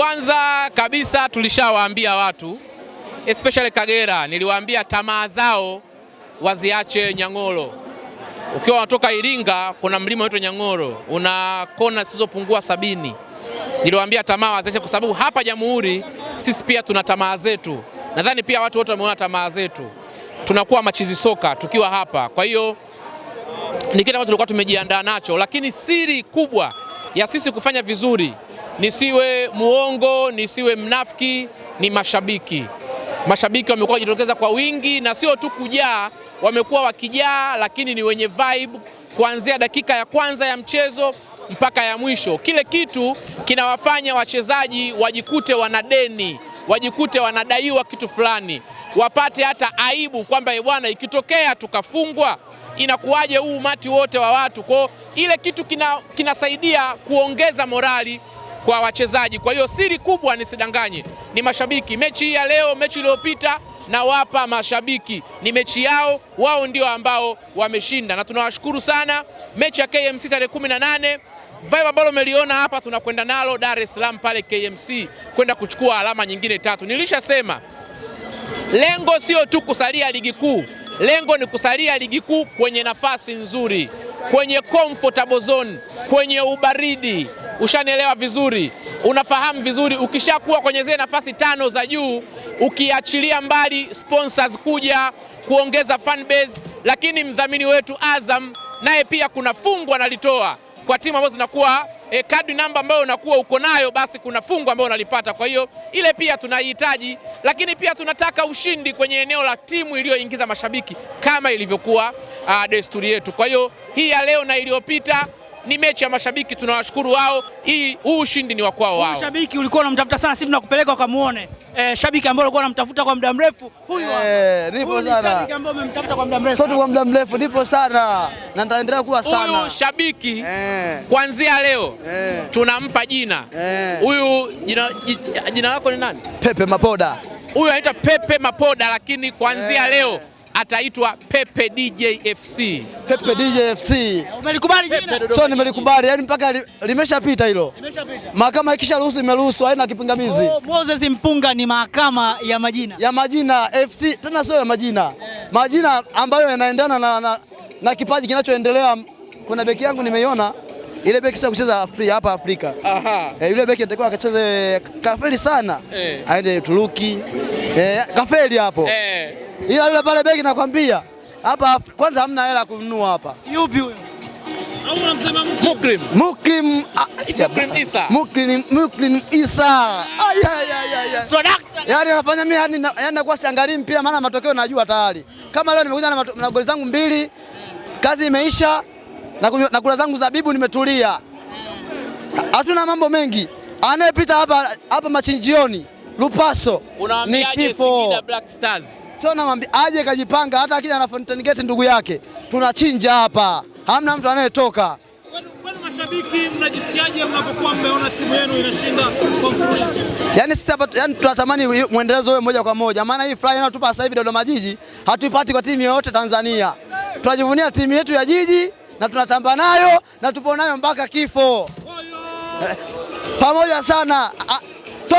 Kwanza kabisa tulishawaambia watu especially Kagera, niliwaambia tamaa zao waziache Nyang'oro. Ukiwa unatoka Iringa, kuna mlima unaitwa Nyang'oro, una kona zisizopungua sabini. Niliwaambia tamaa waziache, kwa sababu hapa Jamhuri sisi pia tuna tamaa zetu. Nadhani pia watu wote wameona tamaa zetu, tunakuwa machizi soka tukiwa hapa. Kwa hiyo ni kile ambacho tulikuwa tumejiandaa nacho, lakini siri kubwa ya sisi kufanya vizuri nisiwe muongo, nisiwe mnafiki, ni mashabiki. Mashabiki wamekuwa wakijitokeza kwa wingi na sio tu kujaa, wamekuwa wakijaa, lakini ni wenye vibe kuanzia dakika ya kwanza ya mchezo mpaka ya mwisho. Kile kitu kinawafanya wachezaji wajikute wanadeni, wajikute wanadaiwa kitu fulani, wapate hata aibu kwamba eh, bwana, ikitokea tukafungwa inakuwaje huu umati wote wa watu kwao. Ile kitu kina, kinasaidia kuongeza morali kwa wachezaji. Kwa hiyo siri kubwa, nisidanganye, ni mashabiki. Mechi hii ya leo, mechi iliyopita na wapa mashabiki ni mechi yao, wao ndio ambao wameshinda, na tunawashukuru sana. Mechi ya KMC tarehe 18 vibe ambalo umeliona hapa, tunakwenda nalo Dar es Salaam pale KMC kwenda kuchukua alama nyingine tatu. Nilishasema lengo sio tu kusalia ligi kuu, lengo ni kusalia ligi kuu kwenye nafasi nzuri, kwenye comfortable zone, kwenye ubaridi ushanielewa vizuri, unafahamu vizuri. Ukishakuwa kwenye zile nafasi tano za juu, ukiachilia mbali sponsors kuja kuongeza fan base, lakini mdhamini wetu Azam naye pia kuna fungu analitoa kwa timu ambazo zinakuwa E, kadi namba ambayo unakuwa uko nayo basi kuna fungu ambayo unalipata. Kwa hiyo ile pia tunaihitaji, lakini pia tunataka ushindi kwenye eneo la timu iliyoingiza mashabiki kama ilivyokuwa desturi yetu. Kwa hiyo hii ya leo na iliyopita ni mechi ya mashabiki, tunawashukuru wao. Hii huu ushindi ni wa kwao wao. Mashabiki ulikuwa unamtafuta sana, sisi tunakupeleka ukamuone. E, shabiki ambaye ulikuwa unamtafuta kwa muda mrefu huyu e, nipo sana. Shabiki ambaye umemtafuta kwa muda mrefu sote kwa muda mrefu, nipo sana e, na nitaendelea kuwa sana huyu shabiki e, kuanzia leo e, tunampa jina huyu e. Jina, jina lako ni nani? Pepe Mapoda. Huyu anaitwa Pepe Mapoda, lakini kuanzia e, leo ataitwa Pepe DJ FC. Pepe DJ FC. Umelikubali jina? So nimelikubali, yani mpaka limeshapita hilo. Limeshapita. Mahakama ikisha ruhusu imeruhusu, haina kipingamizi. Oh, Moses Mpunga ni mahakama ya majina. Ya majina FC, tena sio ya majina. Yeah. Majina ambayo yanaendana na, na, na kipaji kinachoendelea. Kuna beki yangu nimeiona ile beki sasa kucheza hapa Afrika. Aha. Eh, yule beki atakuwa akacheze kafeli sana. Eh. Aende Uturuki. Eh, kafeli hapo. Eh ila yule pale begi nakwambia hapa kwanza hamna hela kununua hapa. Yupi huyo? Au unamsema Mukrim? Mukrim ah, Isa. Mukrim Mukrim Isa. Yaani anafanya mimi yani yaani nakuwa siangalii mpira maana matokeo najua tayari. Kama leo nimekuja na, na goli zangu mbili kazi imeisha na kula zangu zabibu nimetulia. Hatuna mambo mengi. Anayepita hapa hapa machinjioni Lupaso ni kifo. Sio namwambia aje kajipanga, hata akija na Fountain Gate ndugu yake tunachinja hapa, hamna mtu anayetoka. Mashabiki mnajisikiaje mnapokuwa mmeona timu yenu inashinda kwa mfululizo? Yaani sisi hapa yani tunatamani mwendelezo uwe moja kwa moja, maana hii furaha inayotupa sasa hivi Dodoma Jiji hatuipati kwa timu yoyote Tanzania. Tunajivunia timu yetu ya Jiji na tunatamba nayo na tupo nayo mpaka kifo eh, pamoja sana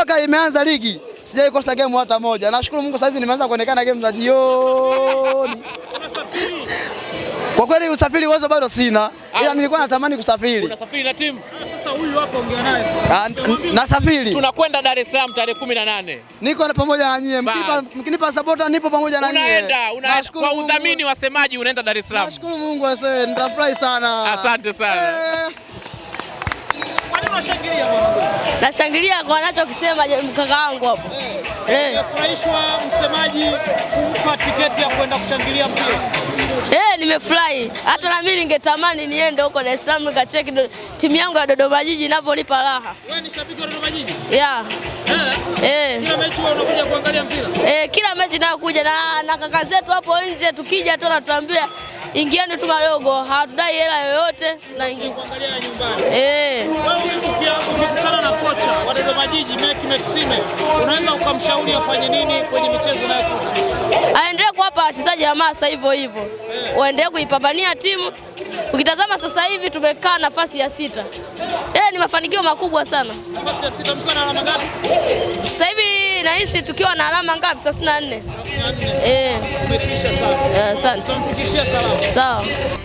toka imeanza ligi sijai kosa game hata moja. Nashukuru Mungu, sasa hizi nimeanza kuonekana game za jioni. Kwa kweli usafiri wazo bado sina, ila nilikuwa natamani kusafiri. Unasafiri na timu? Ah, sasa huyu hapa ongea naye sasa. Ah, nasafiri. Tunakwenda Dar es Salaam tarehe 18. Niko na pamoja na nyie. Mkinipa mkinipa supporta nipo pamoja na nyie. Unaenda, unaenda. Kwa udhamini wasemaji unaenda Dar es Salaam. Nashukuru Mungu asewe, nitafurahi sana. Asante sana. Eh. Kwa nini unashangilia bwana? Nashangilia kwa anachokisema kaka wangu hapo. Eh. Eh. Nimefurahishwa msemaji kumpa tiketi ya kwenda kushangilia mpira. Eh, nimefurahi. Hata na mimi ningetamani niende huko Dar es Salaam nikacheki timu yangu ya Dodoma Jiji inavyonipa raha. Wewe ni shabiki wa Dodoma Jiji? Yeah. Eh. Kila mechi wewe unakuja kuangalia mpira? Eh, kila mechi nakuja na na kaka zetu hapo nje tukija tu natuambia ingieni tu madogo, hatudai hela yoyote na ingi. Kuangalia nyumbani. Eh. Wewe ukiamua unaweza ukamshauri afanye nini kwenye michezo inayokuja? Aendelee kuwapa wachezaji hamasa hivyo hivyo, eh. waendelee kuipambania timu. Ukitazama sasa hivi tumekaa nafasi ya sita, Eh, ni mafanikio makubwa sana. Nafasi ya sita, mkiwa na alama ngapi sasa hivi? Nahisi tukiwa na alama ngapi? 34. 34. nne. Eh, umetisha sana. Eh, asante. Sawa.